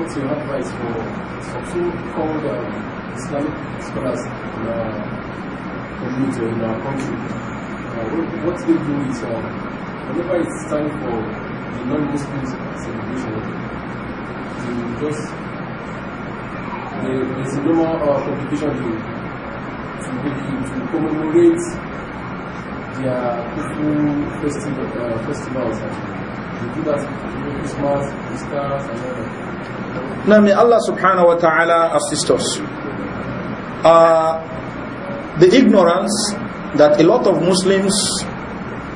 what's your advice for so-called uh, Islamic scholars in our uh, community, in our country? Uh, what, what they do is, uh, whenever it's time for the non-Muslim celebration, they just, they, there's a normal uh, publication to, to, to commemorate their Kufu festival, uh, festivals actually. They do that Christmas, Easter, and all that. Now may Allah subhanahu wa ta'ala assist us. Uh, the ignorance that a lot of Muslims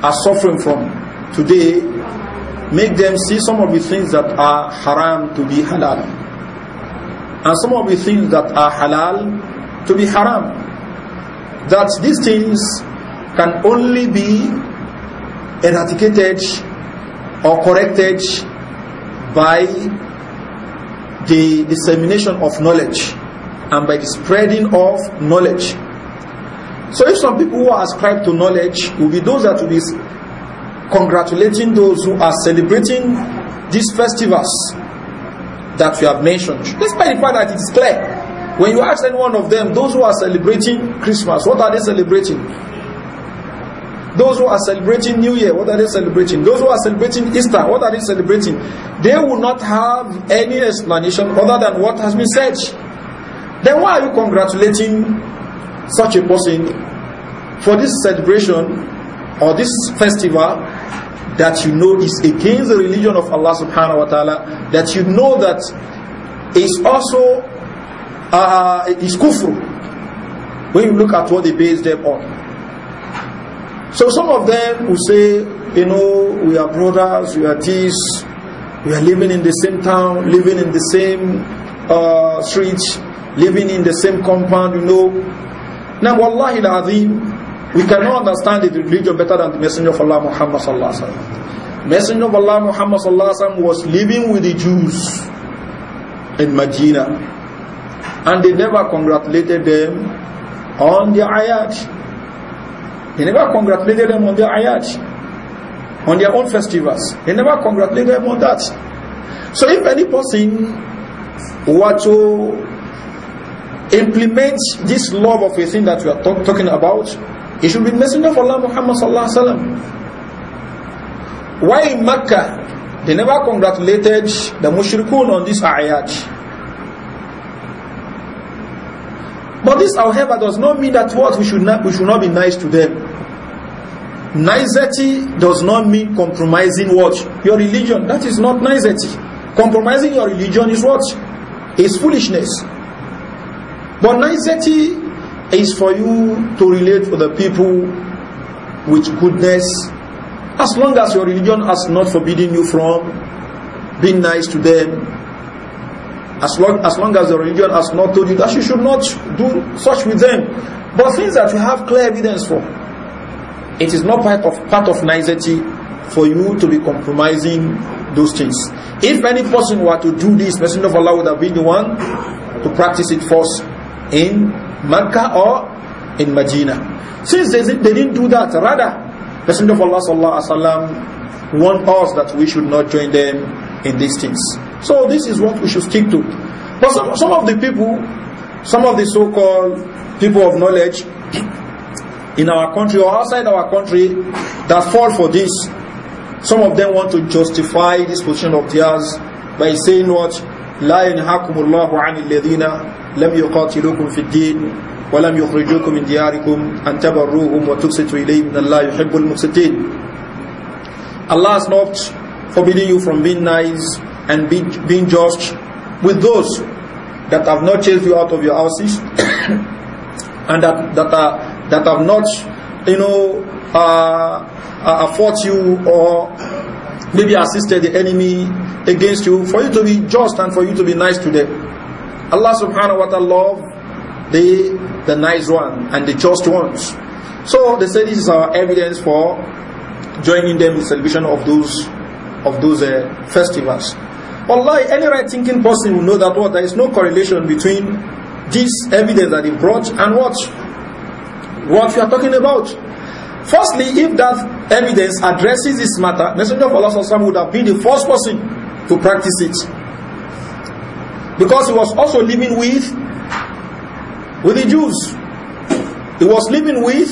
are suffering from today make them see some of the things that are haram to be halal and some of the things that are halal to be haram that these things can only be eradicated or corrected by the dissemination of knowledge and by the spreading of knowledge. So if some people who are ascribed to knowledge will be those that will be congratulating those who are celebrating these festivals that we have mentioned. Despite the fact that it is clear, when you ask any one of them, those who are celebrating Christmas, what are they celebrating? Those who are celebrating New Year, what are they celebrating? Those who are celebrating Easter, what are they celebrating? They will not have any explanation other than what has been said. Then why are you congratulating such a person for this celebration or this festival that you know is against the religion of Allah subhanahu wa ta'ala, that you know that is also uh, uh is kufr when you look at what they base them on. So some of them will say, you know, we are brothers, we are this, we are living in the same town, living in the same uh, street, living in the same compound, you know. Now, wallahi al-azim, we cannot understand the religion better than the Messenger of Allah Muhammad sallallahu alaihi wasallam. Messenger of Allah Muhammad sallallahu alaihi wasallam was living with the Jews in Medina, and they never congratulated them on their ayat. They never congratulated them on their ayat, on their own festivals. They never congratulated them on that. So if any person were to implement this love of a thing that we are talk talking about, it should be messenger of Allah Muhammad sallallahu alaihi wasallam. Why in Mecca they never congratulated the mushrikun on this ayat? But this, however, does not mean that what we should not we should not be nice to them. Nicety does not mean compromising what? Your religion. That is not nicety. Compromising your religion is what? Is foolishness. But nicety is for you to relate to the people with goodness as long as your religion has not forbidden you from being nice to them. As long, as long as religion has not told you that you should not do such with them. But things that you have clear evidence for it is not part of part of nicety for you to be compromising those things. If any person were to do this, Messenger of Allah would have been the one to practice it first in Makkah or in Medina. Since they, they didn't do that, rather, Messenger of Allah sallallahu alaihi wasallam warned us that we should not join them in these things. So this is what we should stick to. But some, some of the people, some of the so-called people of knowledge, in our country or outside our country that fall for this. Some of them want to justify this position of theirs by saying what? لا ينهاكم الله عن الذين لم يقاتلوكم في الدين ولم يخرجوكم من دياركم أن تبروهم وتقسطوا إليهم إن الله يحب المقسطين Allah has not forbidden you from being nice and being, being just with those that have not chased you out of your houses and that, that are that have not, you know, uh, uh, uh, fought you or maybe assisted the enemy against you, for you to be just and for you to be nice to them. Allah subhanahu wa ta'ala love the, the nice one and the just ones. So they say this is our evidence for joining them in celebration of those of those uh, festivals. Allah, any right-thinking person will know that what there is no correlation between this evidence that he brought and what what you are talking about. Firstly, if that evidence addresses this matter, Messenger of Allah would have been the first person to practice it. Because he was also living with, with the Jews. He was living with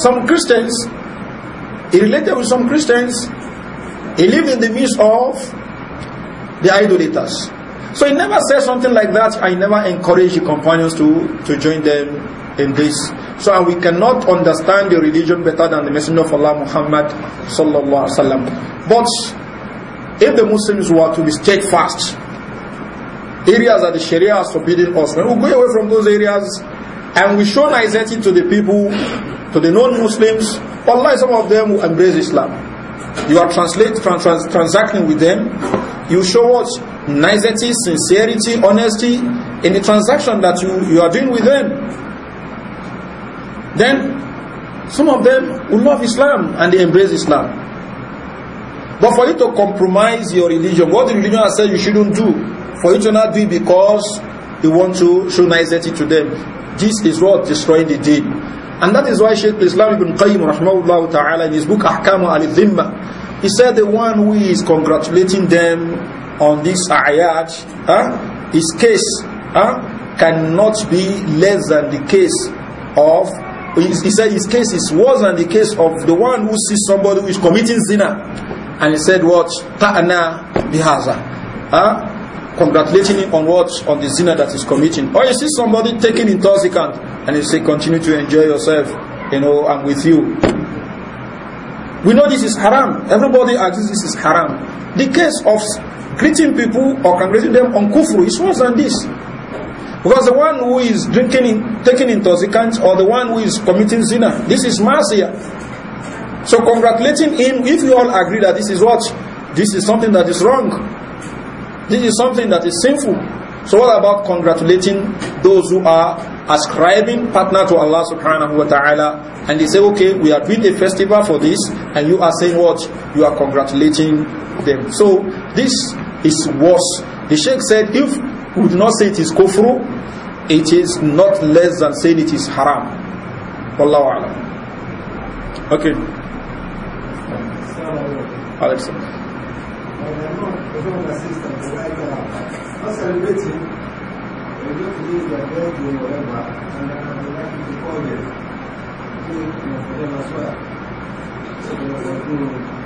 some Christians. He related with some Christians. He lived in the midst of the idolaters. So he never said something like that. I never encourage the companions to, to join them in this. So we cannot understand the religion better than the Messenger of Allah Muhammad sallallahu alaihi wasallam. But if the Muslims were to be steadfast, areas that the Sharia has forbidden us, we we'll go away from those areas and we show nicety to the people, to the non-Muslims, Allah, some of them will embrace Islam. You are translate, trans, trans, transacting with them. You show what nicety, sincerity, honesty in the transaction that you, you are doing with them. Then some of them will love Islam and they embrace Islam. But for you to compromise your religion, what the religion has said you shouldn't do, for you to not do it because you want to show nicety to them, this is what destroying the deed. And that is why Shaykh Islam ibn Qayyim rahmahullah ta'ala in his book Ahkam al-Dhimma, he said the one who is congratulating them on this ayat, huh, his case huh, cannot be less than the case of, he said his case is worse than the case of the one who sees somebody who is committing zina. And he said what? Ta'ana bihaza. Huh? Congratulating him on what? On the zina that he's committing. Or you see somebody taking intoxicant and you say continue to enjoy yourself. You know, I'm with you. We know this is haram. Everybody agrees this is haram. The case of greeting people or congratulating them on kufru is worse than this. Because the one who is drinking, in, taking intoxicants, or the one who is committing zina, this is masiyah. So congratulating him, if you all agree that this is what? This is something that is wrong. This is something that is sinful. So what about congratulating those who are ascribing partner to Allah subhanahu wa ta'ala and they say, okay, we are doing a festival for this and you are saying what? You are congratulating them. So this is worse. The Sheikh said, if we do not say it is kufru, it is not less than saying it is haram. Allahu Akbar. Okay. Alex. Thank you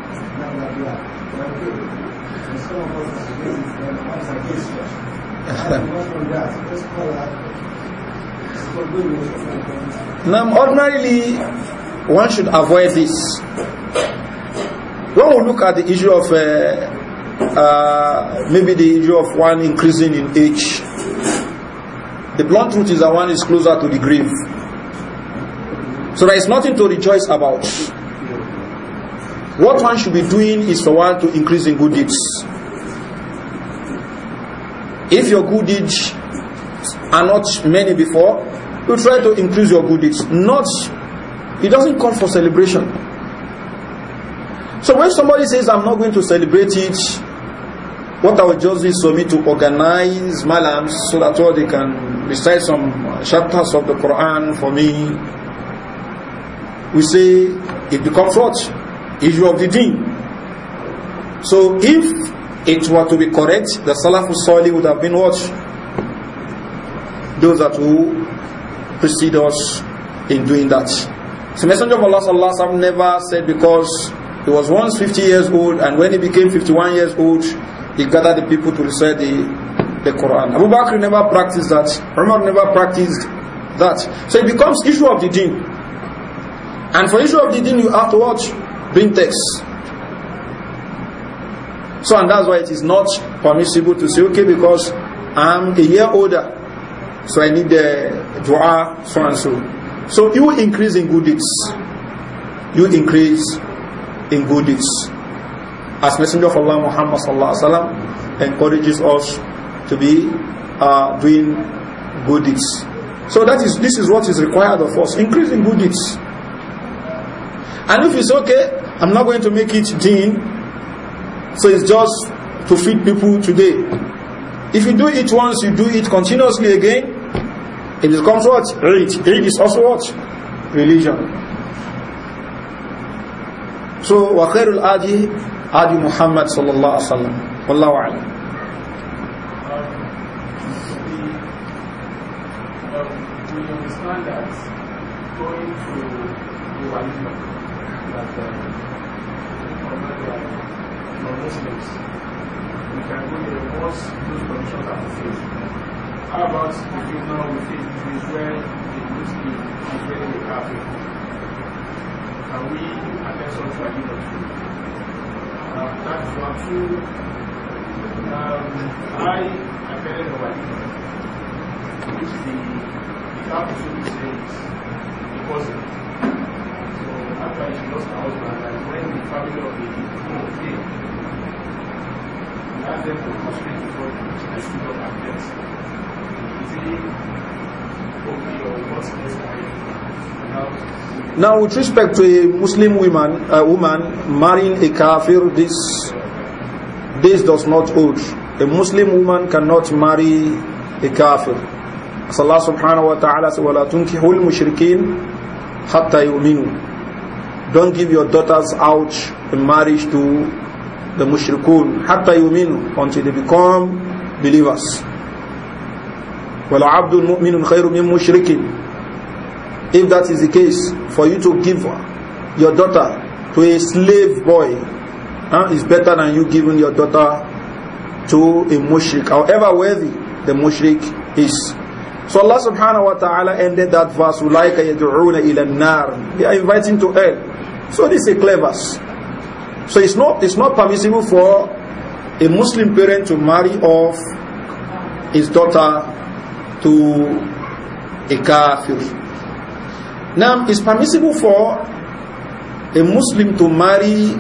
now, ordinarily, one should avoid this. When we look at the issue of uh, uh, maybe the issue of one increasing in age, the blunt truth is that one is closer to the grave. So there is nothing to rejoice about. What one should be doing is for one to increase in good deeds. If your good deeds are not many before, you try to increase your good deeds. Not, it doesn't come for celebration. So when somebody says, I'm not going to celebrate it, what I will just do is for me to organize malams so that all they can recite some chapters of the Quran for me. We say, it becomes what? issue of the deen. So if it were to be correct, the Salafus Salih would have been what? Those that who precede us in doing that. So Messenger of Allah Sallallahu Alaihi Wasallam never said because he was once 50 years old and when he became 51 years old, he gathered the people to recite the, the Quran. Abu Bakr never practiced that. Umar never practiced that. So it becomes issue of the deen. And for issue of the deen, you have to watch doing text. So and that's why it is not permissible to say, okay, because I'm a year older, so I need the dua, so and so. So you increase in good deeds. You increase in good deeds. As Messenger of Allah Muhammad sallallahu alaihi wasallam encourages us to be uh, doing good deeds. So that is this is what is required of us. increasing good deeds. And if it's okay, I'm not going to make it deen. So it's just to feed people today. If you do it once, you do it continuously again, it becomes what? Eid. Eid is also what? Religion. So, وَخَيْرُ الْآدِي آدِي Muhammad صلى الله عليه والله understand that going to the slaves. We can go there those conditions are fulfilled. How about the field we feel is where the good is is the they Can we attend something like it too? Uh, that's one two. Um, I attended a wedding, which the without should be saved cousin. So after she lost her husband, and when the family of the people came, mostly easily now, with respect to a Muslim woman, a woman marrying a kafir, this this does not hold. A Muslim woman cannot marry a kafir. As Allah subhanahu wa ta'ala says, ولا تنكح تُنْكِحُوا الْمُشْرِكِينَ حَتَّى يُؤْمِنُوا Don't give your daughters out in marriage to the mushrikun hatta yuminu until they become believers abdul مُؤْمِنٌ خَيْرٌ مِنْ mushrikin. If that is the case, for you to give your daughter to a slave boy huh, is better than you giving your daughter to a mushrik, however worthy the mushrik is. So Allah subhanahu wa ta'ala ended that verse, أُولَٰئِكَ يَدْعُونَ إِلَى النَّارِ They are inviting to hell. So this is a clever verse. So it's not, it's not permissible for a Muslim parent to marry off his daughter to a kafir. Now, it's permissible for a Muslim to marry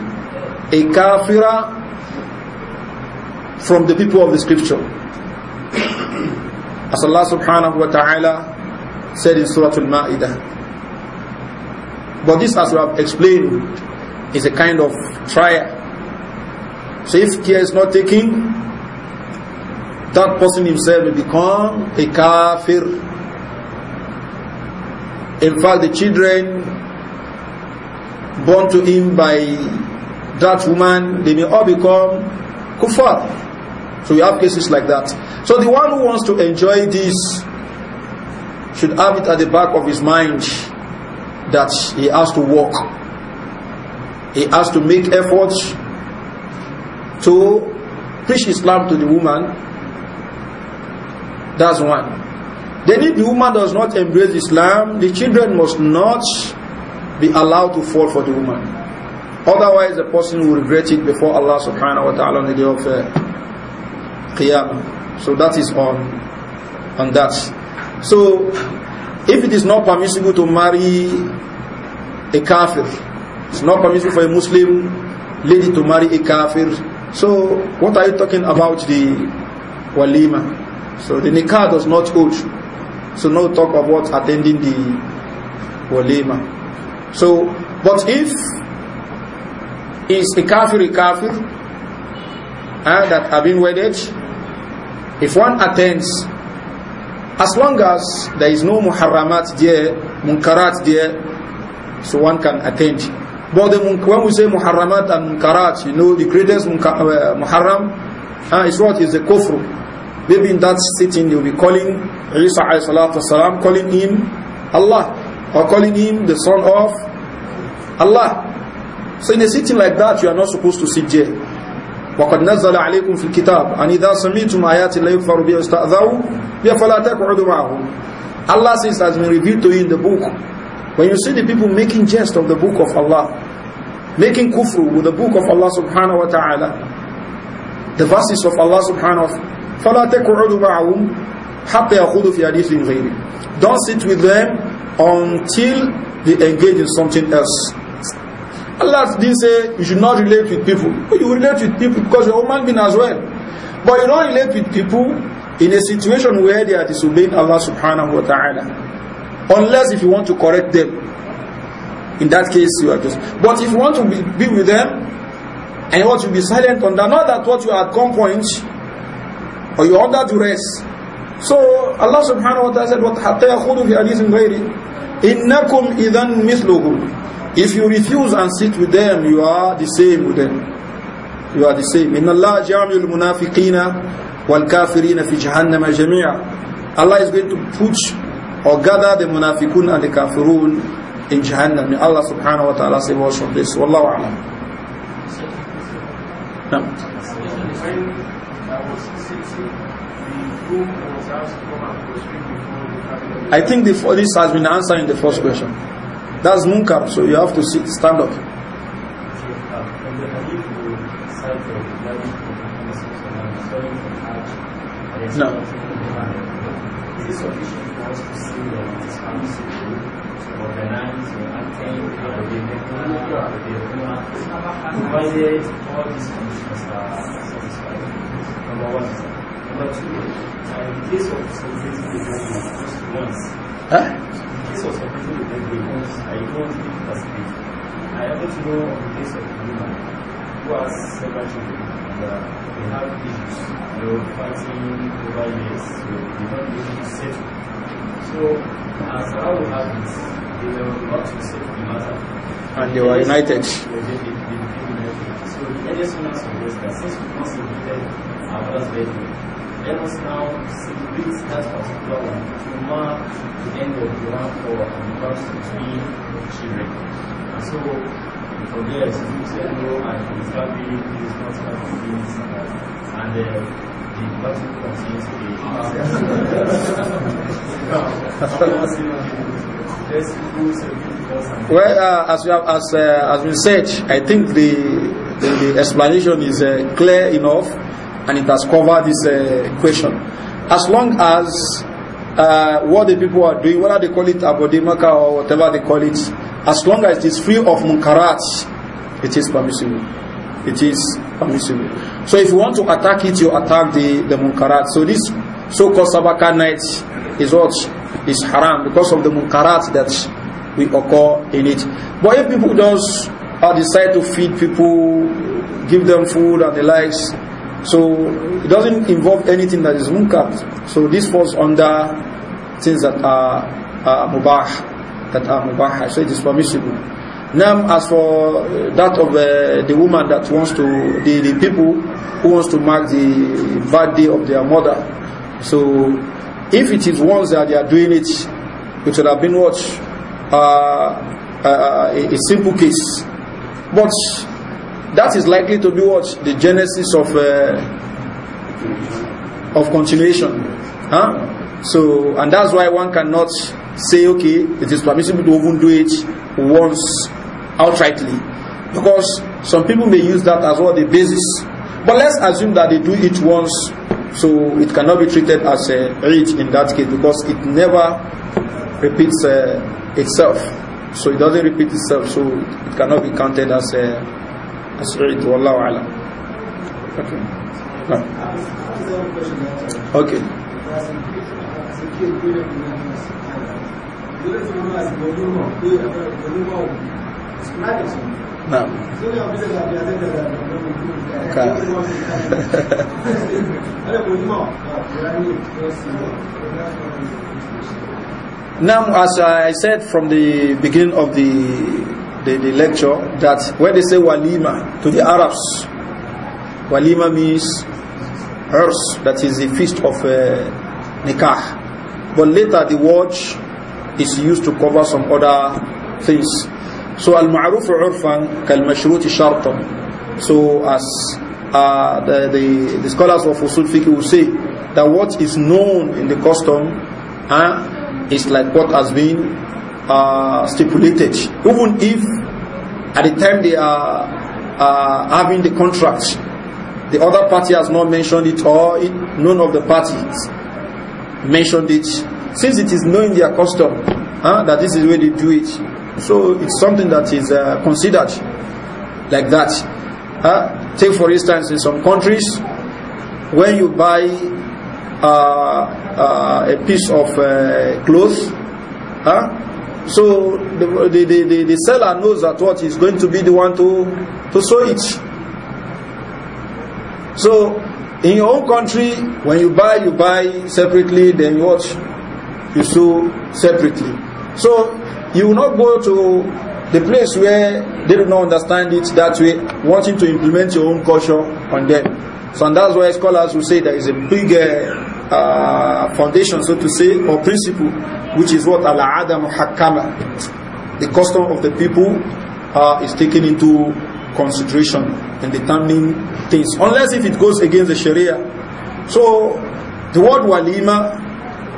a kafira from the people of the scripture. As Allah subhanahu wa ta'ala said in Surah Al-Ma'idah. But this as we have explained is a kind of trial. So if care is not taken, that person himself will become a kafir. In fact, the children born to him by that woman, they may all become kuffar. So we have cases like that. So the one who wants to enjoy this should have it at the back of his mind that he has to walk he has to make efforts to preach Islam to the woman. That's one. Then if the woman does not embrace Islam, the children must not be allowed to fall for the woman. Otherwise the person will regret it before Allah subhanahu wa ta'ala on the day of uh, So that is on, on that. So if it is not permissible to marry a kafir, it's not permissible for a Muslim lady to marry a kafir. So what are you talking about the walima? So the nikah does not hold. So no talk about attending the walima. So, but if is a kafir a kafir uh, that have been wedded, if one attends, as long as there is no muharramat there, munkarat there, so one can attend. But the, when we say muharramat and munkarat, you know, the greatest uh, muharram uh, is what is the kufru. Maybe in that sitting you'll be calling Isa alayhi salatu wasalam, calling him Allah, or calling him the son of Allah. So in a sitting like that, you are not supposed to sit there. وقد نزل عليكم في الكتاب أن إذا سمعتم آيات لا يكفر بها استأذوا فلا تقعدوا معهم Allah says has been revealed to you in the book when you see the people making jest of the book of Allah making kufr with the book of Allah subhanahu wa ta'ala, the verses of Allah subhanahu wa ta'ala, فَلَا تَكُعُدُ مَعَهُمْ حَتَّى يَخُذُوا فِي حَدِيثٍ غَيْرِ Don't sit with them until they engage in something else. Allah didn't say you should not relate with people. But you relate with people because you're a human being as well. But you don't relate with people in a situation where they are disobeying Allah subhanahu wa ta'ala. Unless if you want to correct them. In that case, you are just. But if you want to be, be with them and you want to be silent on that, not that what you are at gunpoint or you are under duress. So Allah subhanahu wa ta'ala said, What hatta yakhudu fi hadithin ghairi? Innakum idhan mithluhu. If you refuse and sit with them, you are the same with them. You are the same. Inna Allah jami'ul munafiqina wal kafirina fi jahannama jami'a. Allah is going to put or gather the munafiqun and the kafirun in Jahannam. May Allah subhanahu wa ta'ala save us from this. Wallahu a'lam. No. I think the, this has been answered in the first question. That's munkar, so you have to sit, stand up. No. Is it sufficient for us to see that it is finance, your acting, your Provided all these conditions are satisfied. Number one. Number two, in case of the just once, huh? in case of separating the deadline once, I don't think that's great. I happen to know on the case of a who has several children and uh, they have issues. They were fighting over years, so they don't be to settle. So, as I would have and they were united. Let us now celebrate that particular one to mark the end of the one for and between three children. And so from there, as you said, no, and we start doing these not of things. And uh, Well, uh, as we have, as uh, as we said, I think the the, the explanation is uh, clear enough, and it has covered this uh, question. As long as uh, what the people are doing, whether they call it abodimaka or whatever they call it, as long as it is free of munkarat, it is permissible. It is permissible. So if you want to attack it, you attack the, the munkarat. So this so-called sabaka night is what? Is haram because of the munkarat that we occur in it. But if people just uh, decide to feed people, give them food and the likes, so it doesn't involve anything that is munkar. So this falls under things that are, are mubah, that are mubah. So it is permissible. Now, as for uh, that of uh, the woman that wants to, the, the people who wants to mark the birthday of their mother. So, if it is once that they are doing it, it should have been what? Uh, uh, uh a, a, simple case. But that is likely to be what? The genesis of uh, of continuation. Huh? So, and that's why one cannot say, okay, it is permissible to even do it once outrightly. Because some people may use that as well the basis. But let's assume that they do it once, so it cannot be treated as a rich in that case because it never repeats uh, itself. So it doesn't repeat itself, so it cannot be counted as a as rich. Wallahu alam. Okay. Okay. Now, as I said from the beginning of the, the, the lecture, that when they say walima to the Arabs, walima means earth. that is the feast of uh, nikah. But later the word is used to cover some other things. So al-ma'ruf urfan kal-mashruti shartan. So as uh, the, the, the, scholars of usul fiqh will say that what is known in the custom uh, is like what has been uh, stipulated. Even if at the time they are uh, having the contract, the other party has not mentioned it or it, none of the parties mentioned it since it is knowing their custom huh, that this is the way they do it so it's something that is uh, considered like that take for instance in some countries when you buy uh, uh, a piece of uh, cloth so the, the, the, the, seller knows that what is going to be the one to, to sew it so in your own country when you buy you buy separately then you watch you sue separately. So you will not go to the place where they do not understand it that way, wanting to implement your own culture on them. So and that's why scholars will say there is a bigger uh, uh, foundation, so to say, or principle, which is what al-ada muhakkama, the custom of the people uh, is taken into consideration in determining things, unless if it goes against the Sharia. So the word walima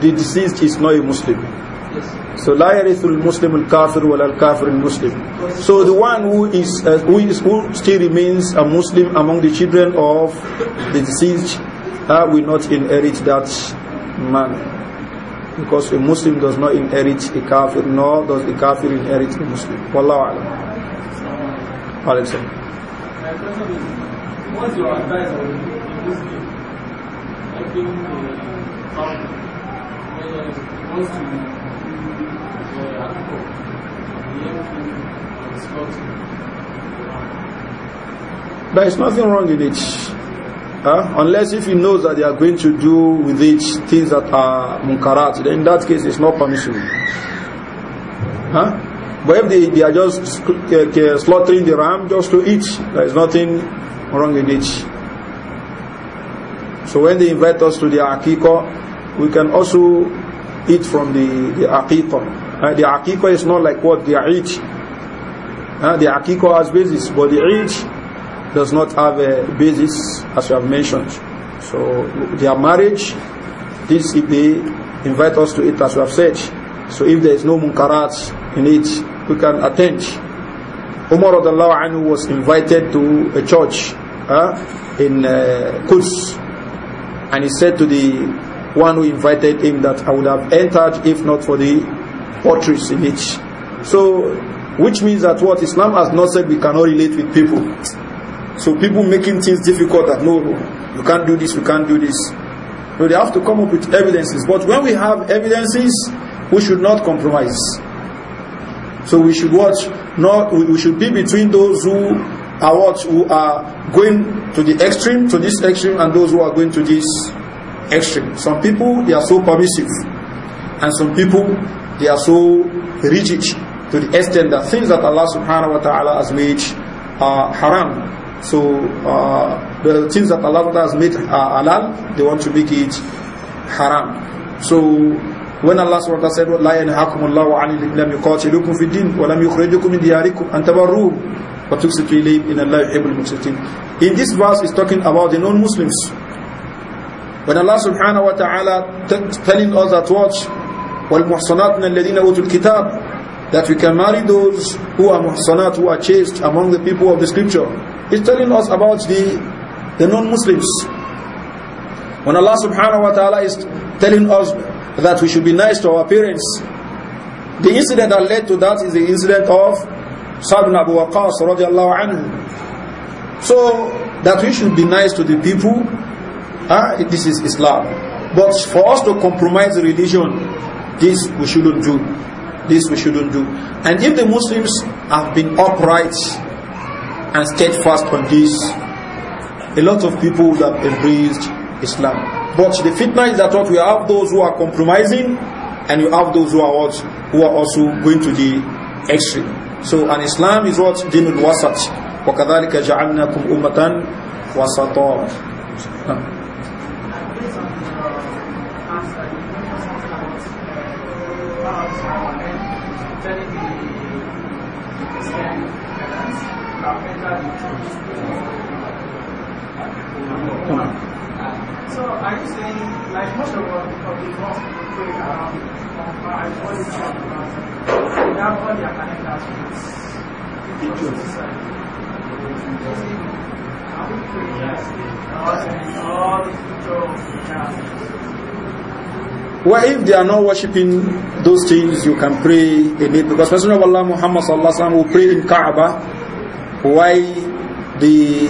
The deceased is not a Muslim. so So la yarithul Muslim al kafir wal al kafir al Muslim. So the one who is uh, who is who still remains a Muslim among the children of the deceased uh, will not inherit that man because a Muslim does not inherit a kafir nor does the kafir inherit a Muslim. Wallahu What's There is nothing wrong in it. Huh? Unless if he knows that they are going to do with it things that are munkarat, then in that case it's not permissible. Huh? But if they, they are just slaughtering the ram just to eat, there is nothing wrong in it. So when they invite us to the akiko, we can also eat from the, the akiko. Uh, the akiko is not like what they are eat. Uh, the akiko has basis, but the eat does not have a basis as you have mentioned. So their marriage, this if they invite us to eat, as we have said. So if there is no munkarat in it, we can attend. Umar anhu was invited to a church uh, in uh, Quds and he said to the one who invited him that I would have entered if not for the portraits in it. So, which means that what Islam has not said we cannot relate with people. So people making things difficult that no, you can't do this, you can't do this. No, they have to come up with evidences. But when we have evidences, we should not compromise. So we should watch, not, we should be between those who are what, who are going to the extreme, to this extreme, and those who are going to this extreme. Some people, they are so permissive. And some people, they are so rigid to the extent that things that Allah subhanahu wa ta'ala has made are haram. So uh, the things that Allah has made halal, they want to make it haram. So when Allah subhanahu wa ta'ala said, لَا يَنْهَاكُمُ اللَّهُ عَنِ الْإِلَّمْ يُقَاتِلُكُمْ فِي الدِّينِ وَلَمْ يُخْرِجُكُمْ مِنْ دِيَارِكُمْ أَنْ تَبَرُّوا وَتُقْسِتُوا إِلَيْهِمْ إِنَّ اللَّهَ يُحِبُّ الْمُقْسِتِينَ In this verse is talking about the non-Muslims. When Allah subhanahu wa ta'ala telling us that watch, وَالْمُحْصَنَاتْ مِنَ الَّذِينَ أُوتُوا الْكِتَابِ That we can marry those who are muhsanat, who are chaste among the people of the scripture. he's telling us about the, the non-Muslims. When Allah subhanahu wa ta'ala is telling us that we should be nice to our parents. The incident that led to that is the incident of Sa'd ibn Abu Waqqas radiallahu anhu. So, that we should be nice to the people, ah, this is Islam. But for us to compromise religion, this we shouldn't do. This we shouldn't do. And if the Muslims have been upright and steadfast on this, a lot of people would have embraced Islam. But the fitna is that what we have those who are compromising and you have those who are what, who are also going to the extreme. So an Islam is what dinul wasat. وَكَذَلِكَ جَعَلْنَاكُمْ أُمَّةً وَسَطًا are you saying, like most of, the they have all their calendars with pictures. Are we all pictures well, if they are not worshipping those things, you can pray in it because Messenger of Allah Muhammad will pray in Kaaba. Why the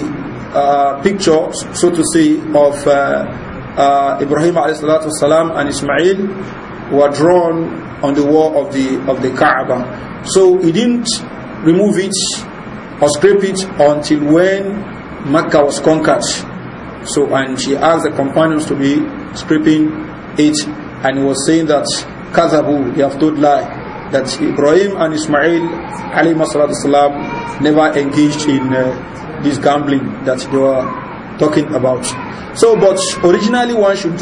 uh, picture, so to say, of uh, uh, Ibrahim والسلام, and Ismail were drawn on the wall of the of the Kaaba. So he didn't remove it or scrape it until when Mecca was conquered. So and she asked the companions to be scraping it and he was saying that Kazabu, they have told lie that Ibrahim and Ismail alayhi salam never engaged in uh, this gambling that they were talking about. So, but originally one should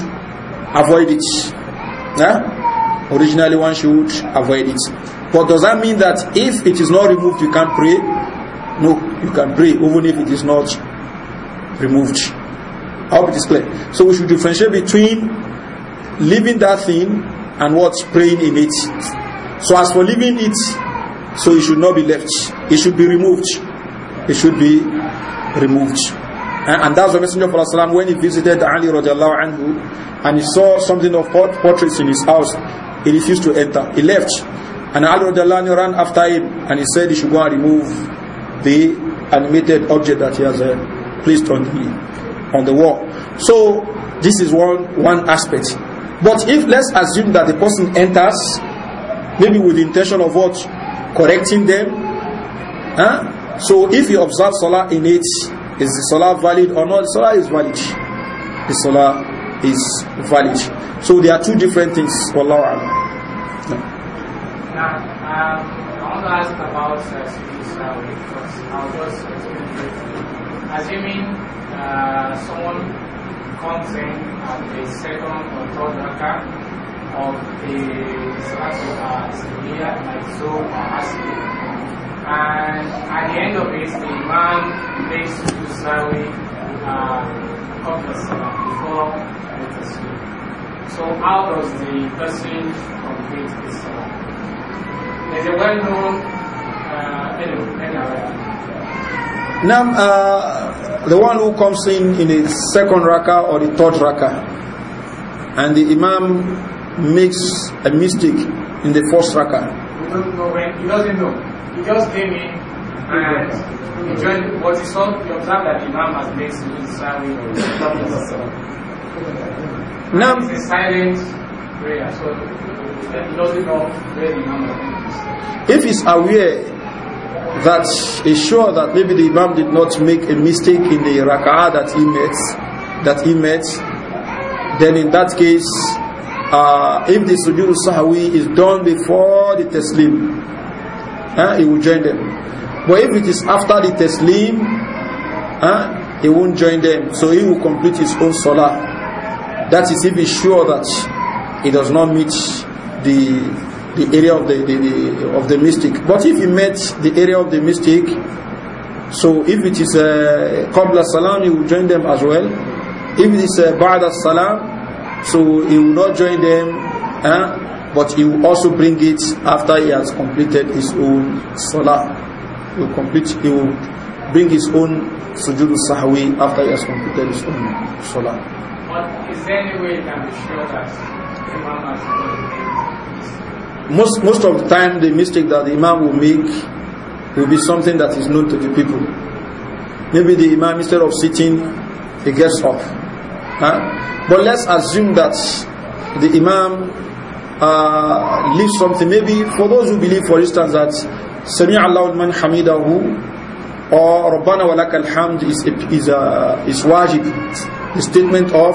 avoid it. Yeah? Originally one should avoid it. But does that mean that if it is not removed, you can't pray? No, you can pray even if it is not removed. I hope it is clear. So we should differentiate between leaving that thing and what's praying in it. So as for leaving it, so it should not be left. It should be removed. It should be removed. And, that's the Messenger of Allah when he visited Ali radiallahu anhu and he saw something of portraits in his house, he refused to enter. He left. And Ali radiallahu anhu ran after him and he said he should go and remove the animated object that he has uh, placed on the, on the wall. So this is one, one aspect. But if let's assume that the person enters, maybe with the intention of what? Correcting them. Huh? So if you observe Salah in it, is the salah valid or not? The salah is valid. The salah is valid. So there are two different things. Salah. Now, um, I want to ask about uh, because I was uh, assuming uh, someone comes in at the second or third rakah of the salah Asliya, like so or and at the end of it, the face to um, before the So how does the person complete this Salah? Uh, there's a well-known uh, anyway, now, uh, the one who comes in in the second raka or the third raka, and the imam makes a mistake in the first raka. He doesn't know when. He doesn't know. He just came in and join what is up, you observe that Imam has made Sujud Sawi or Sujud Now it's a silent prayer, so he doesn't know where the Imam is. If he's aware that is sure that maybe the Imam did not make a mistake in the rak'ah that he met, that he met, then in that case, uh, if the sujood sahwi is done before the taslim, uh, he will join them. But if it is after the taslim, huh, he won't join them. So he will complete his own salah. That is if he's sure that he does not meet the the area of the, the, the of the mystic. But if he met the area of the mystic, so if it is uh, Salam, he will join them as well. If it is uh, Ba'da Salam, so he will not join them, but he will also bring it after he has completed his own Salah he will complete, he will bring his own sujood sahwi after he has completed his own salah. But is there any way you can be sure that Imam has most, most of the time, the mistake that the Imam will make will be something that is known to the people. Maybe the Imam, instead of sitting, he gets up. Huh? But let's assume that the Imam uh, leaves something. Maybe for those who believe, for instance, that Sami al man hamidahu or Rabbana walakal hamd is is uh, is wajib. The statement of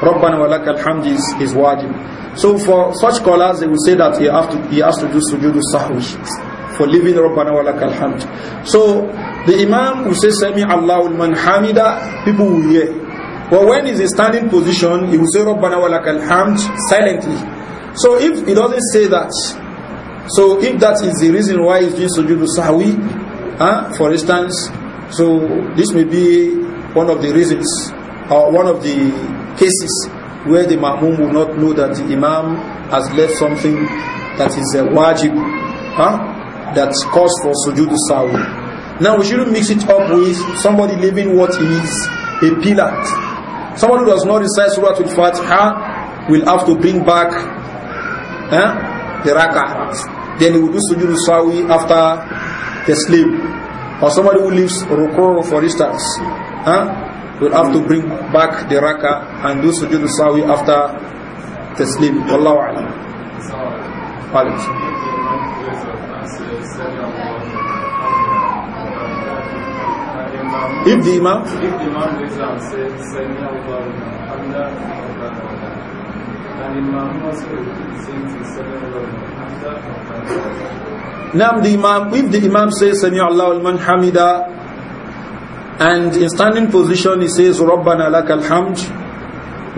Rabbana walakal hamd is is wajib. So for such scholars they will say that he has to he has to do sujood sahwi for leaving Rabbana walakal hamd. So the Imam will say Sami Allahu man hamida people will hear. But when he's in standing position, he will say Rabbana walakal hamd silently. So if he doesn't say that so if that is the reason why he's doing sujood sahwi, huh, for instance, so this may be one of the reasons or one of the cases where the ma'mum will not know that the imam has left something that is a uh, wajib, huh, that calls for sujood sahwi. Now we shouldn't mix it up with somebody leaving what is a pilat. Someone who does not recite Surah Al-Fatiha will have to bring back huh, the raka, Then he will do sujood sawi after the sleep. Or somebody who leaves rukur for instance, huh? will have to bring back the raka and do sujood sawi after the sleep. Wallahu alam. Alex. If the imam, if the imam, now the Imam, if the Imam says Sami Allah al Hamida and in standing position he says Rabbana lakal hamd,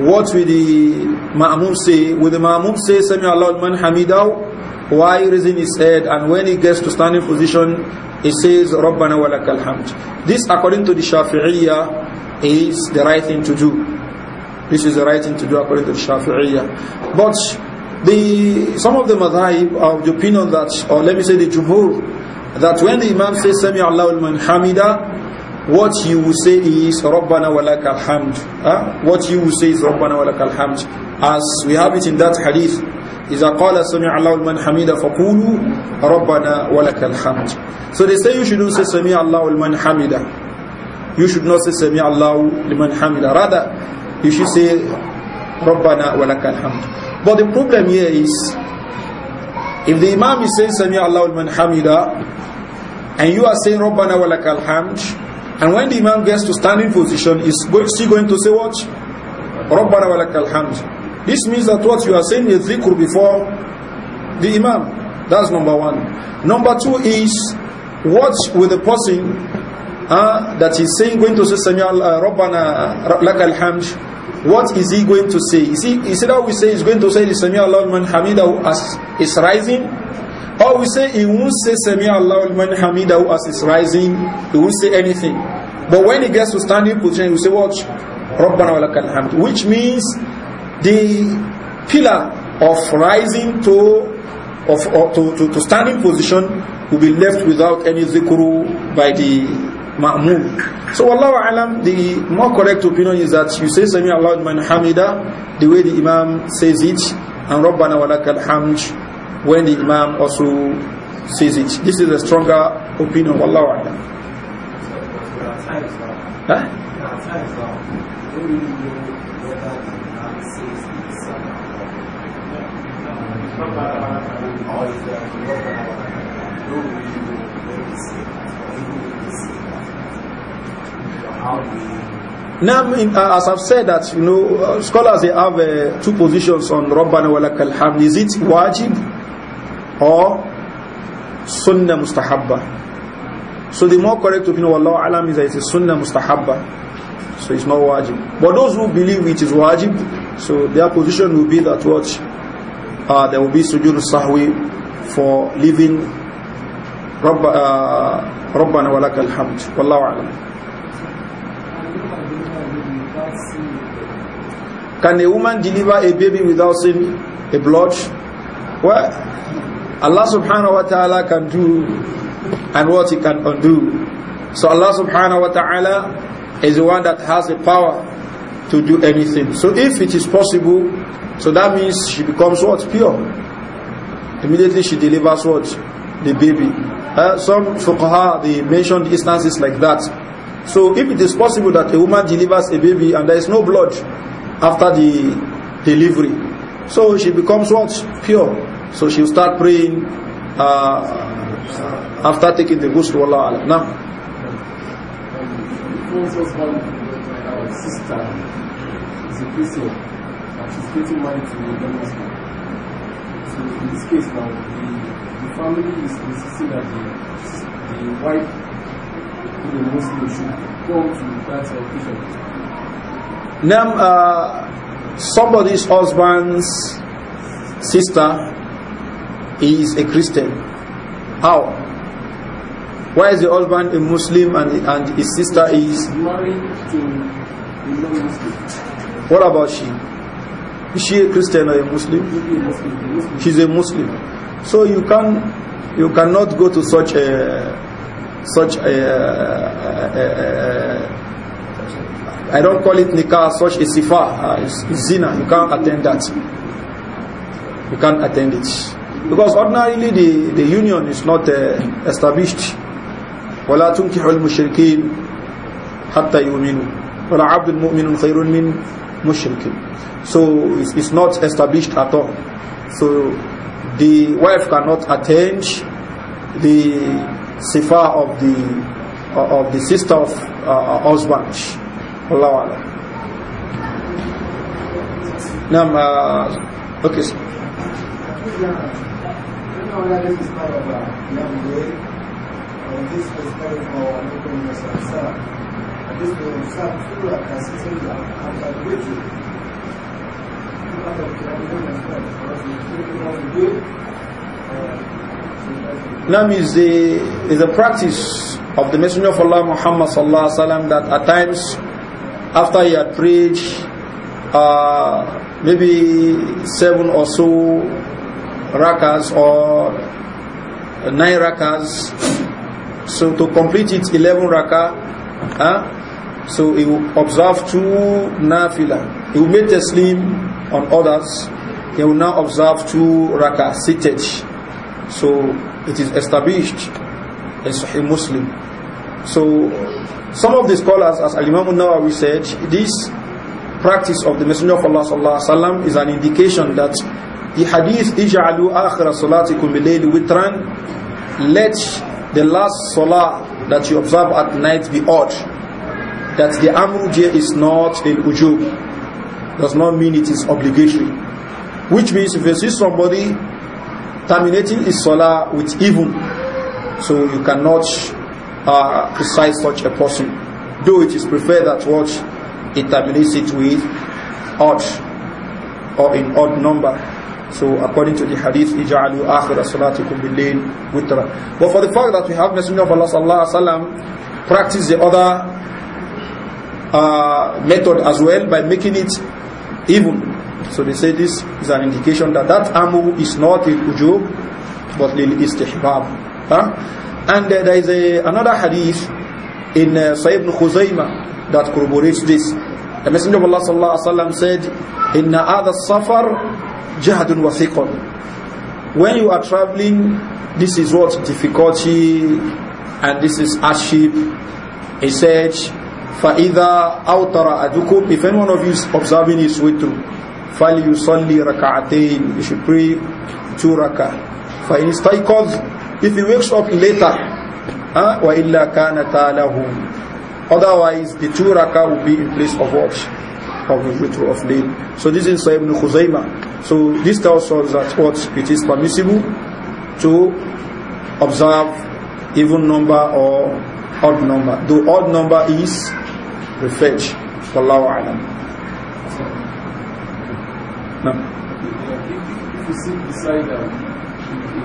what will the Ma'amum say? Will the Ma'amum say Sami Allah al Hamida why raising his head and when he gets to standing position he says Rabbana walakal hamd. This according to the Shafi'iyah is the right thing to do. This is the right thing to do according to the Shafi'iyah. But the, some of the madhaib are of the opinion that, or let me say the jumhur, that when the Imam says, Sami Allahu al hamida, what you will say is, Rabbana wa lakal Huh? What you will say is, Rabbana wa lakal hamd. As we have it in that hadith, إذا قال سمع الله لمن حميدا فقولوا wa ولك الحمد So they say you shouldn't say Sami' الله لمن حميدا You should not say Sami' الله لمن حميدا Rather you should say Rabbana walakal But the problem here is if the Imam is saying Sami alhamdulillah, hamida and you are saying Rabbana walakal and when the Imam gets to standing position is still going to say what? Rabbana walakal This means that what you are saying is dhikr before the Imam. That's number one. Number two is what with the person uh, that he's saying, going to say, Samuel, uh, Rabbana, uh, laka alhamd, what is he going to say? Is he, is it how we say he's going to say, Sami Allahu man hamidahu as is rising? Or we say, he won't say, Sami Allahu man hamidahu as is rising, he won't say anything. But when he gets to standing position, he say, watch, Rabbana wa laka alhamd, which means the pillar of rising to of, to, to, to standing position will be left without any zikru by the ma'mum. So Wallahu alam, the more correct opinion is that you say Sami Allah man hamida, the way the Imam says it, and Rabbana walakal hamd, when the Imam also says it. This is a stronger opinion, Wallahu alam. Huh? Now, uh, as I've said that, you know, uh, scholars, they have uh, two positions on Rabbana wa lakal hamd. Is it wajib or sunnah mustahabba? So the more correct opinion, Allah alam, is that it is sunnah mustahabba. So it's not wajib. But those who believe it is wajib, so their position will be that what? Uh, there will be sujood sahwi for leaving uh, Rabbana wa lakal hamd. Wallahu alam. Can a woman deliver a baby without seeing a blood? Well, Allah subhanahu wa ta'ala can do and what he can undo. So Allah subhanahu wa ta'ala is the one that has the power to do anything. So if it is possible, so that means she becomes what? Pure. Immediately she delivers what? The baby. Uh, some fuqaha, they mentioned instances like that. So if it is possible that a woman delivers a baby and there is no blood, after the delivery. So she becomes once Pure. So she'll start praying uh, uh, after taking the ghusl. Wallah alam. Now. Sister is a and she's getting married to a Muslim. So in this case now, the, family is insisting that the, wife to the Muslim should go to that uh, bishop Name uh, somebody's husband's sister is a Christian. How? Why is the husband a Muslim and, and his sister is married to a muslim What about she? Is she a Christian or a Muslim? She's a Muslim. So you can you cannot go to such a such a, a, a, a I don't call it nikah such a sifa, uh, it's, zina. You can't attend that. You can't attend it. Because ordinarily the, the union is not uh, established. وَلَا تُنْكِحُ الْمُشْرِكِينَ حَتَّى يُؤْمِنُوا وَلَا عَبْدٌ المؤمن خَيْرٌ مِّن مُشْرِكٍ So it's, it's not established at all. So the wife cannot attend the sifa of the of the sister of uh, husband. Allah Alam. Now, uh, okay. Nam is the is a practice of the Messenger of Allah Muhammad sallallahu alaihi wasallam that at times after he had prayed uh, maybe seven or so rakas or nine rakas so to complete it 11 rakah huh? so he will observe two nafila he will make taslim on others he will now observe two rakah seated so it is established as a Muslim so some of the scholars, as Al-Imam al-Nawawi said, this practice of the Messenger of Allah sallallahu alaihi wasallam is an indication that the hadith ij'alu akhir salatikum bil-layl witran let the last salah that you observe at night be odd that the amru is not lil ujub does not mean it is obligatory which means if you see somebody terminating his salah with even so you cannot uh, such a person. Though it is preferred that what it terminates it with odd or in odd number. So according to the hadith, اجعلوا آخر صلاتكم بالليل وترا. But for the fact that we have Messenger of Allah sallallahu alaihi wasallam practice the other uh, method as well by making it even. So they say this is an indication that that amu is not in ujub but lil istihbab. Huh? And uh, there is a, another hadith in uh, Sayyid ibn Khuzaimah that corroborates this. The Messenger of Allah sallallahu alaihi wasallam said, "Inna adha safar jahadun wasikun. When you are traveling, this is what difficulty and this is hardship. He said, فَإِذَا أَوْتَرَ أَدُكُمْ If any one of you is observing his way through, فَلْيُصَلِّ رَكَعَتَيْنِ You should pray two rakah. فَإِنْ اسْتَيْقَظْ if he wakes up later, Otherwise, the two rakah will be in place of watch Of the witr of late. So this is Sahih ibn Khuzaymah. So this tells us that what? It is permissible to observe even number or odd number. The odd number is referred. Wallahu alam. No. If you sit beside them, um,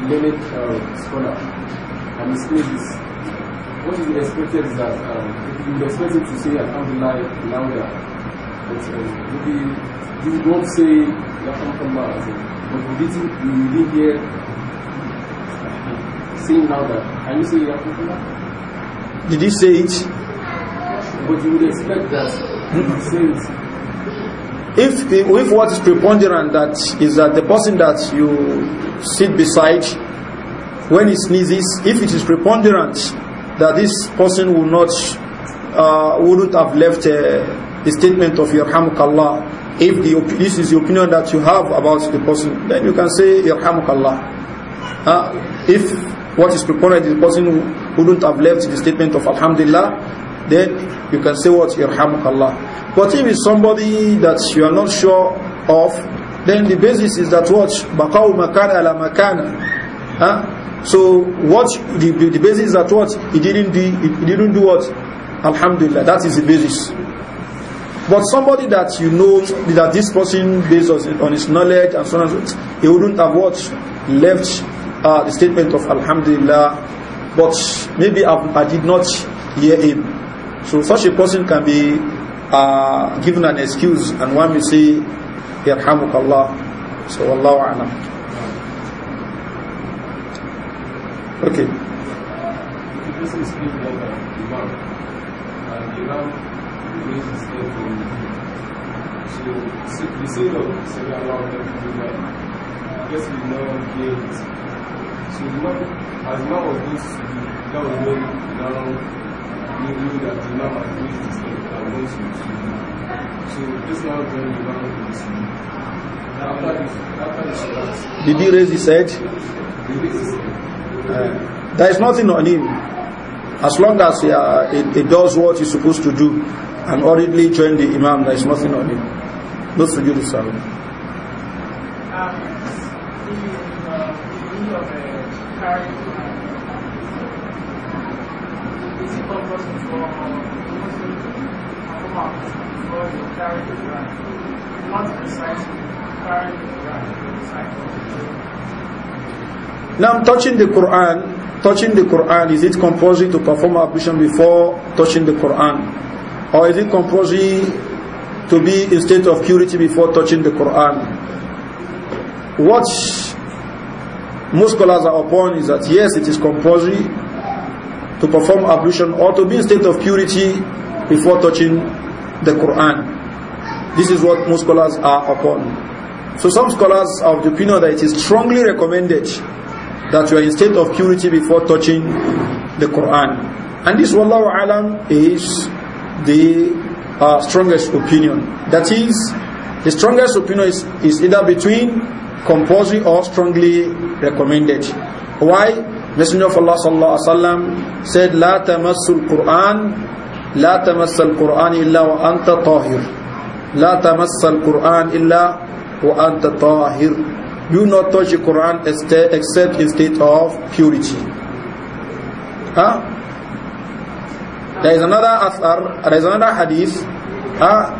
Limit, uh, scholar and his name is what is expected is that um, you would expect him to say Alhamdulillah louder but um, maybe you would not say Alhamdulillah as well but you didn't, you didn't hear saying louder Can you say saying Alhamdulillah? Did you say it? But you would expect that he would say it if if what is preponderant that is that the person that you sit beside when he sneezes if it is preponderant that this person will not uh, wouldn't have left a, uh, the statement of yarhamukallah if the, this is the opinion that you have about the person then you can say yarhamukallah uh, if what is preponderant the person wouldn't have left the statement of alhamdulillah then you can say what irhamukallah. But if it's somebody that you are not sure of, then the basis is that what baqau makana ala makana. Huh? So what the, the, the basis is that what he didn't do he didn't do what alhamdulillah that is the basis. But somebody that you know that this person based on his knowledge and so on, and so on he wouldn't have what left uh, the statement of alhamdulillah but maybe I, I did not hear him so such a person can be uh, given an excuse and one will say, Yarhamuk Allah. So Allah A'lam. Okay. The person is the saying of Sallallahu Alaihi Wasallam, I guess we now hear it. So, as imam was going that was when now the Imam has made Did he raise his head? Uh, there is nothing on him. As long as he, uh, it, it does what he's supposed to do and hurriedly join the Imam, there is nothing on him. No sujood is Now I'm touching the Quran, touching the Quran, is it compulsory to perform ablution before touching the Quran? Or is it compulsory to be in state of purity before touching the Quran? What most scholars are upon is that yes, it is compulsory to perform ablution or to be in state of purity before touching the Quran. This is what most scholars are upon. So some scholars are of the opinion that it is strongly recommended that you are in state of purity before touching the Quran. And this, wallahu alam, is the uh, strongest opinion. That is, the strongest opinion is, is either between compulsory or strongly recommended. Why? Messenger of Allah الله عليه وسلم said, لا تمس القرآن لا تمس القرآن إلا وأنت طاهر لا تمس القرآن إلا وأنت طاهر Do not touch the Quran except in state of purity." Huh? There is another athar, there is another hadith huh,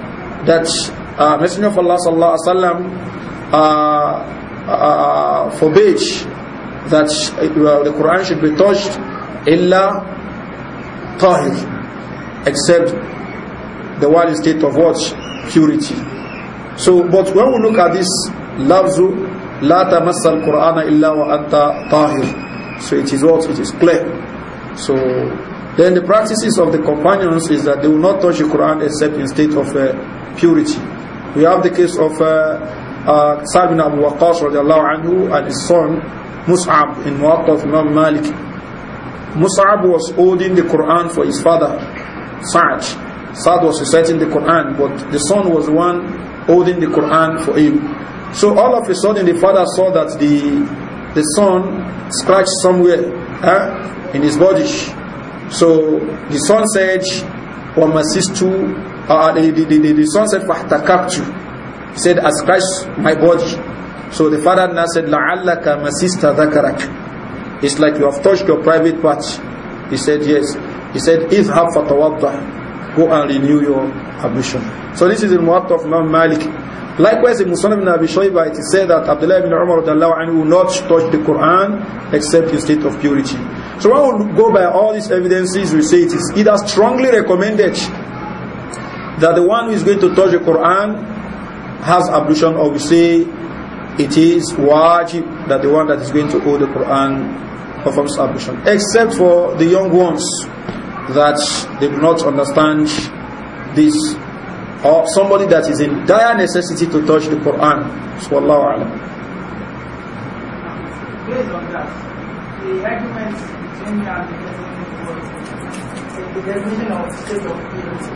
that uh, Messenger of Allah الله عليه وسلم uh, uh, forbade that uh, the Quran should be touched illa tahir except the one state of what? Purity. So, but when we look at this lafzu, la tamassal Qur'ana illa wa anta tahir. So it is what? It is clear. So, then the practices of the companions is that they will not touch the Qur'an except in state of uh, purity. We have the case of uh, uh, Sa'd bin Abu Waqqas radiallahu anhu and his son Mus'ab in Muwatta of Imam Malik. Mus'ab was holding the Quran for his father, Sa'd. Sa'd was reciting the Quran, but the son was the one holding the Quran for him. So all of a sudden the father saw that the, the son scratched somewhere eh, in his body. So the son said, وَمَسِسْتُ uh, uh, the, the, the, the son said, فَحْتَكَبْتُ He said, I scratched my body. So the father now said, my sister ذَكَرَكَ It's like you have touched your private parts. He said, yes. He said, اِذْهَبْ فَتَوَضَّحْ Go and renew your ablution. So this is the muwatta of Imam Malik. Likewise, in Muslim ibn Abi Shayba, it is said that Abdullah ibn Umar anhu not touch the Quran except in state of purity. So when we go by all these evidences, we say it is either strongly recommended that the one who is going to touch the Quran has ablution, or we say it is wajib that the one that is going to hold the Quran performs ablution. Except for the young ones that they do not understand this. Or somebody that is in dire necessity to touch the Quran. So Allah Based on that, the between me and the definition of state of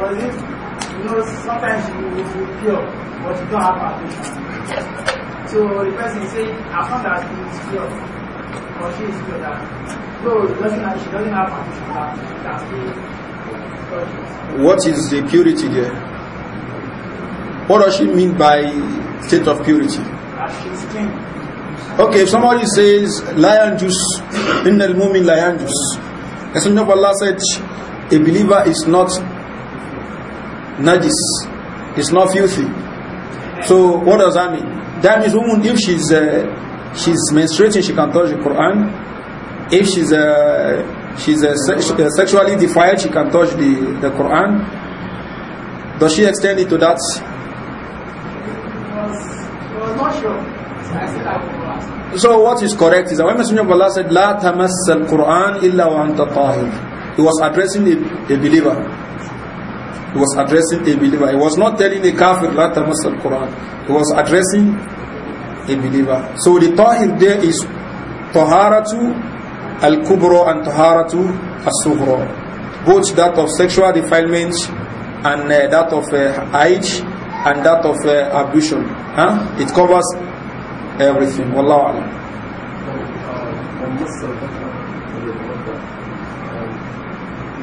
was it You know, sometimes you, will feel, but you don't have affection. So the person say, as long as he is pure, or she is pure, that so doesn't she doesn't have affection, that she can still What is the purity there? What does she mean by state of purity? she is clean. Okay, if somebody says lion juice, in the mumin lion juice, Messenger of Allah said, a believer is not najis. It's not filthy. So what does that mean? That means woman, if she's uh, she's menstruating, she can touch the Quran. If she's uh, she's uh, se uh, sexually defiled, she can touch the the Quran. Does she extend it to that? So what is correct is that when Messenger of Allah said, "La al Quran illa wa anta tahir," he was addressing a, a believer. He was addressing a believer. He was not telling a kafir, la tamasal Quran. He was addressing a believer. So the tahir there is taharatu al kubro and taharatu al Both that of sexual defilement and uh, that of uh, age and that of uh, Huh? It covers everything. Wallahu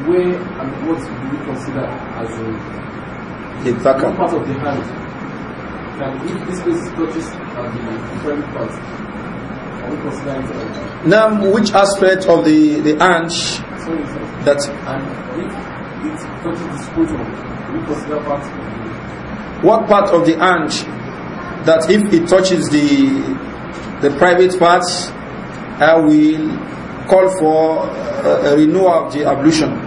where and what do you consider as a, a part of the hand? can, if this place touches uh, the different parts, can we consider it as Now, which aspect of the, the hand? Sorry, sorry. That and if it touches the scrotum, we consider part of the What part of the hand that if it touches the the private parts, I will call for a renewal of the ablution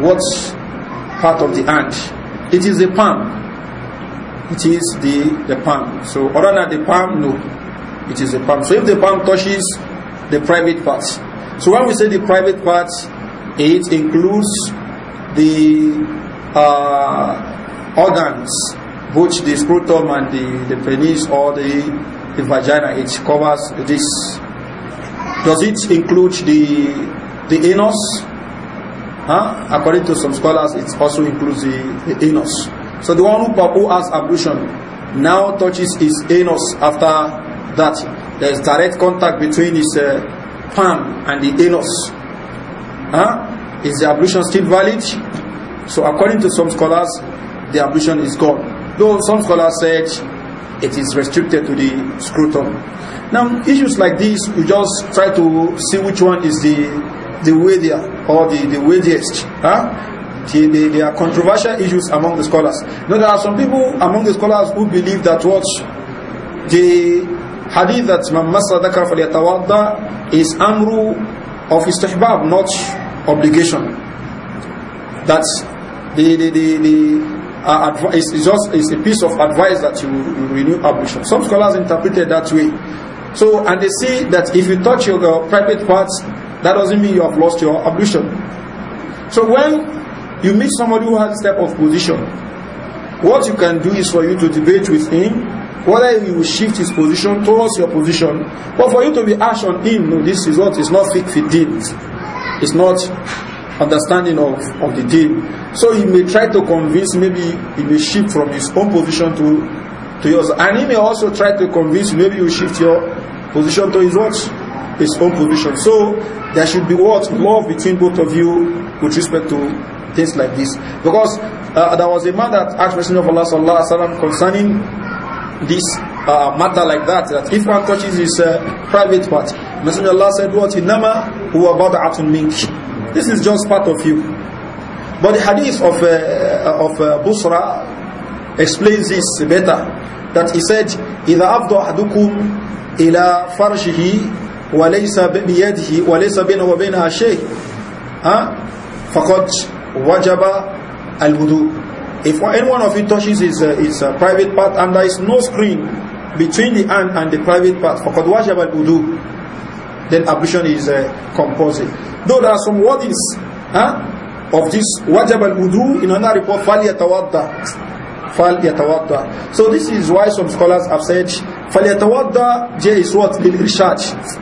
what part of the hand? It is the palm. It is the, the palm. So other than the palm, no. It is the palm. So if the palm touches the private part. So when we say the private part, it includes the uh, organs, which the scrotum and the, the penis or the, the vagina, it covers this. Does it include the the anus? Huh? According to some scholars, it also includes the, the anus. So the one who, who has ablution now touches his anus after that. There is direct contact between his uh, palm and the anus. Huh? Is the ablution still valid? So according to some scholars, the ablution is gone. Though some scholars said it is restricted to the scrotum. Now, issues like this, we just try to see which one is the the weightier or the, the weightiest. Huh? they they there are controversial issues among the scholars. Now there are some people among the scholars who believe that what the hadith that man massa dhakar falyatawadda is amru of istihbab, not obligation. That the, the, the, the uh, it's, it's just it's a piece of advice that you, you renew ablution. Some scholars interpret it that way. So, and they see that if you touch your private parts, that doesn't mean you have lost your ablution. So when you meet somebody who has a step of position, what you can do is for you to debate with him whether he will shift his position towards your position. But for you to be harsh on him, no, this is what is not fit for deen. It's not understanding of, of the deal. So he may try to convince, maybe he may shift from his own position to, to yours. And he may also try to convince, maybe you shift your position to his his own position. So there should be what? Love between both of you with respect to things like this. Because uh, there was a man that asked Messenger of Allah sallallahu alaihi wasallam concerning this uh, matter like that, that if one touches his uh, private part, Messenger of Allah said, what? Inama about atun mink. This is just part of you. But the hadith of, uh, uh, of uh, Busra explains this better. That he said, "Ila أَفْضُ أَحْدُكُمْ ila فَرْشِهِ وليس بيده وليس بينه وبينها شيء ها فقد وجب الوضوء if any one of you touches his, uh, his uh, private part and there is no screen between the hand and the private part فقد وجب الوضوء then ablution is uh, compulsory though there are some words huh, of this wajab al-wudu in another report فَلْيَتَوَضَّى فَلْيَتَوَضَّى so this is why some scholars have said فَلْيَتَوَضَّى J is what? the لِلْإِرْشَادِ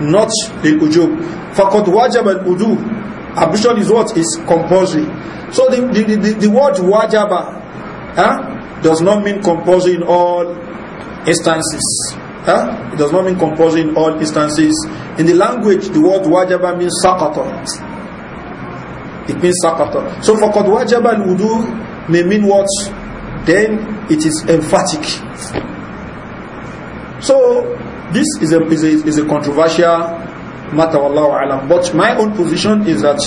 not the ujub. Faqad wajaba al ujub. Ablution is what is compulsory. So the, the, the, the word wajaba huh, does not mean compulsory in all instances. Huh? It does not mean compulsory in all instances. In the language, the word wajaba means sakata. It means sakata. So faqad wajaba al-wudu may mean what? Then it is emphatic. So This is a, is a, is a controversial matter, Wallahu alam. But my own position is that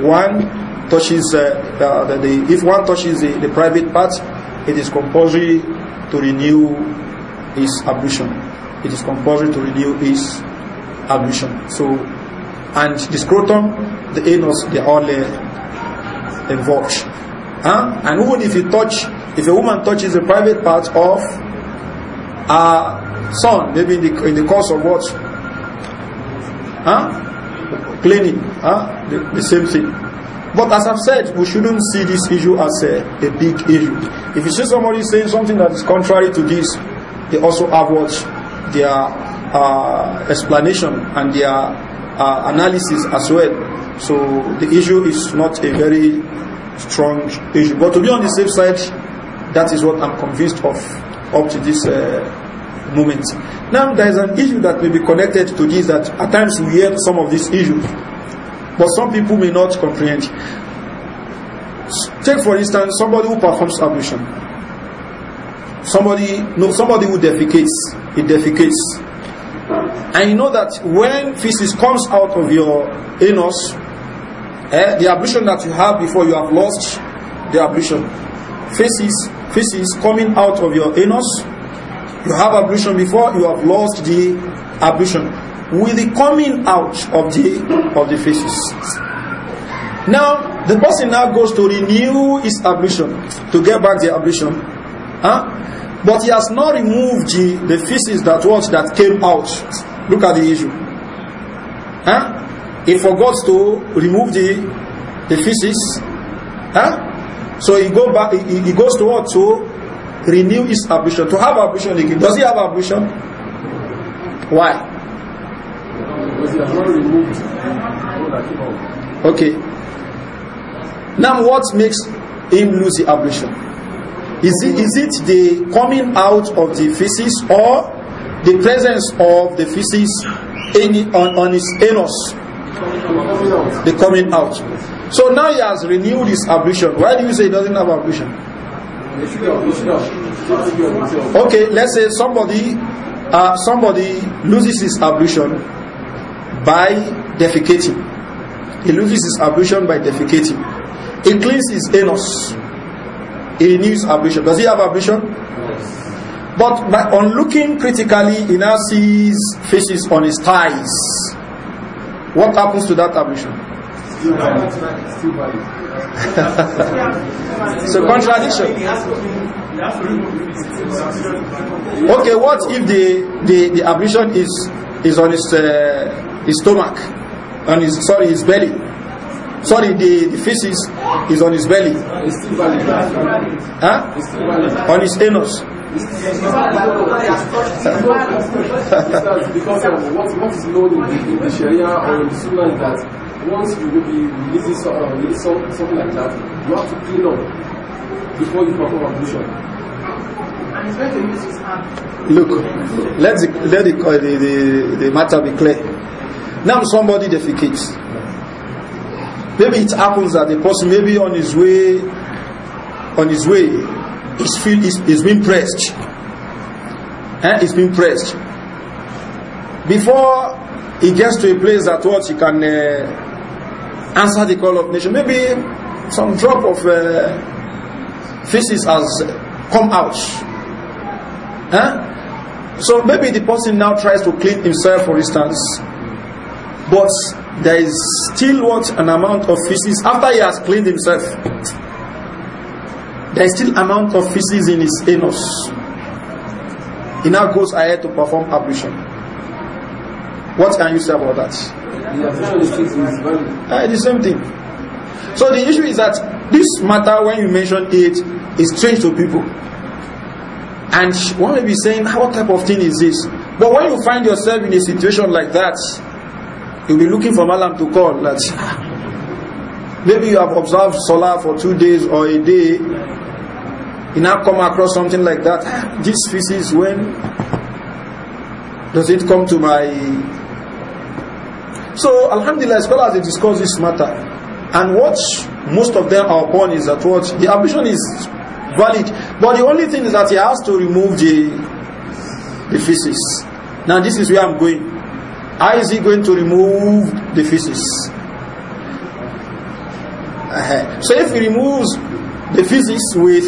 one touches, uh, uh, the, if one touches the, the private part, it is compulsory to renew his ablution. It is compulsory to renew his ablution. So, and the scrotum, the anus, they are all uh, involved. Huh? And even if you touch, if a woman touches the private part of uh, son, maybe in the, in the course of what? Huh? Cleaning, huh? The, the same thing. But as I've said, we shouldn't see this issue as a, a big issue. If you see somebody saying something that is contrary to this, they also have what their uh, explanation and their uh, analysis as well. So the issue is not a very strong issue. But to be on the safe side, that is what I'm convinced of up to this uh, moment. Now there is an issue that may be connected to this that at times we hear some of these issues, but some people may not comprehend. Take for instance somebody who performs ablution. Somebody no somebody who defecates, he defecates. And you know that when feces comes out of your anus, eh, the ablution that you have before you have lost the ablution, feces feces coming out of your anus you have ablution before you have lost the ablution with the coming out of the of the feces now the person now goes to renew his ablution to get back the ablution huh? but he has not removed the, the feces that was that came out look at the issue huh? he forgot to remove the the feces huh? so he go back he, he goes to what to renew his ablution. To have ablution again. Does he have ablution? Why? Okay. Now what makes him lose the ablution? Is it, is it the coming out of the feces or the presence of the feces in, on, on his anus? The coming out. So now he has renewed his ablution. Why do you say he doesn't have ablution? Okay, let's say somebody uh, somebody loses his ablution by defecating. He loses his ablution by defecating. He cleans his anus. He needs ablution. Does he have ablution? Yes. But by, on looking critically, he now sees faces on his thighs. What happens to that ablution? so contradiction. Okay, what if the the, the ablution is is on his uh, his stomach, on his sorry his belly, sorry the, the feces is on his belly, huh? On his anus. because of what, what is known in the Sharia or in the Sunnah that once you will be releasing so, uh, release so, something like that, you have to clean up before you perform ablution. Look, let the, let the, uh, the, the, the matter be clear. Now somebody defecates. Maybe it happens that the person maybe on his way, on his way, is feel is, is being pressed, and eh? is being pressed. Before he gets to a place that what he can uh, answer the call of nation. Maybe some drop of uh, feces has come out. Huh? So maybe the person now tries to clean himself, for instance, but there is still what an amount of feces after he has cleaned himself. There is still amount of feces in his anus. He now goes ahead to perform ablution. What can you say about that? Uh, the same thing. So the issue is that this matter, when you mention it, is strange to people. And one may be saying, what type of thing is this? But when you find yourself in a situation like that, you'll be looking for Malam to call. That maybe you have observed Salah for two days or a day, you now come across something like that. Ah, this feces, when does it come to my so, Alhamdulillah, scholars have discussed this matter. And what most of them are upon is that what the ambition is valid. But the only thing is that he has to remove the, the feces. Now, this is where I'm going. How is he going to remove the feces? Uh -huh. So, if he removes the feces with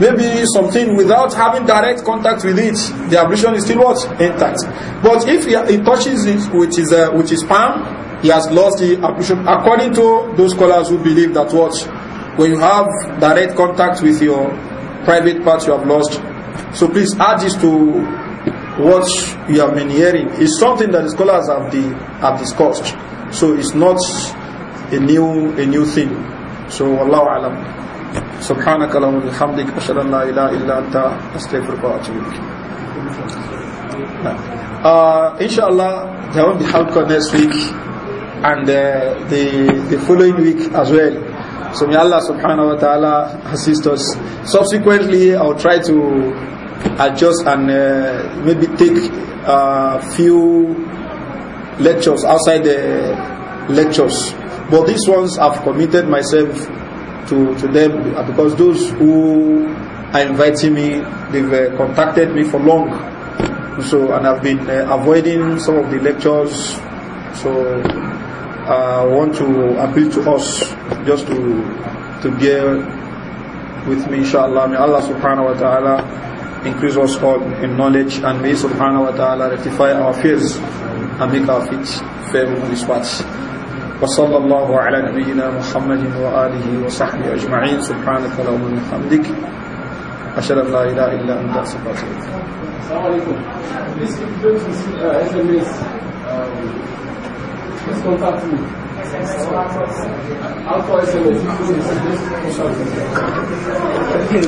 maybe something without having direct contact with it, the ablution is still what? Intact. But if he, he touches it with his, uh, with palm, he has lost the ablution. According to those scholars who believe that what? When you have direct contact with your private part, you have lost. So please add this to what you have been hearing. It's something that the scholars have, the, have discussed. So it's not a new a new thing. So Allah alam. سبحانك اللهم وبحمدك أشهد أن لا إله إلا أنت أستغفرك وأتوب إليك uh, Inshallah, there will be halqa next week and uh, the, the following week as well. So may Allah subhanahu wa ta'ala assist us. Subsequently, I'll try to adjust and uh, maybe take a few lectures outside the lectures. But these ones I've committed myself to, to them uh, because those who are inviting me, they've uh, contacted me for long. So, and I've been uh, avoiding some of the lectures. So, uh, I want to appeal to us just to, to bear with me, inshallah. May Allah subhanahu wa ta'ala increase us all in knowledge and may subhanahu wa ta'ala rectify our fears and make our feet firm on this path. وصلى الله على نبينا محمد وآله وصحبه أجمعين سبحانك اللهم وبحمدك أشهد أن لا إله إلا أنت أستغفرك السلام عليكم uh, Please contact me. Alpha SMS. SMS.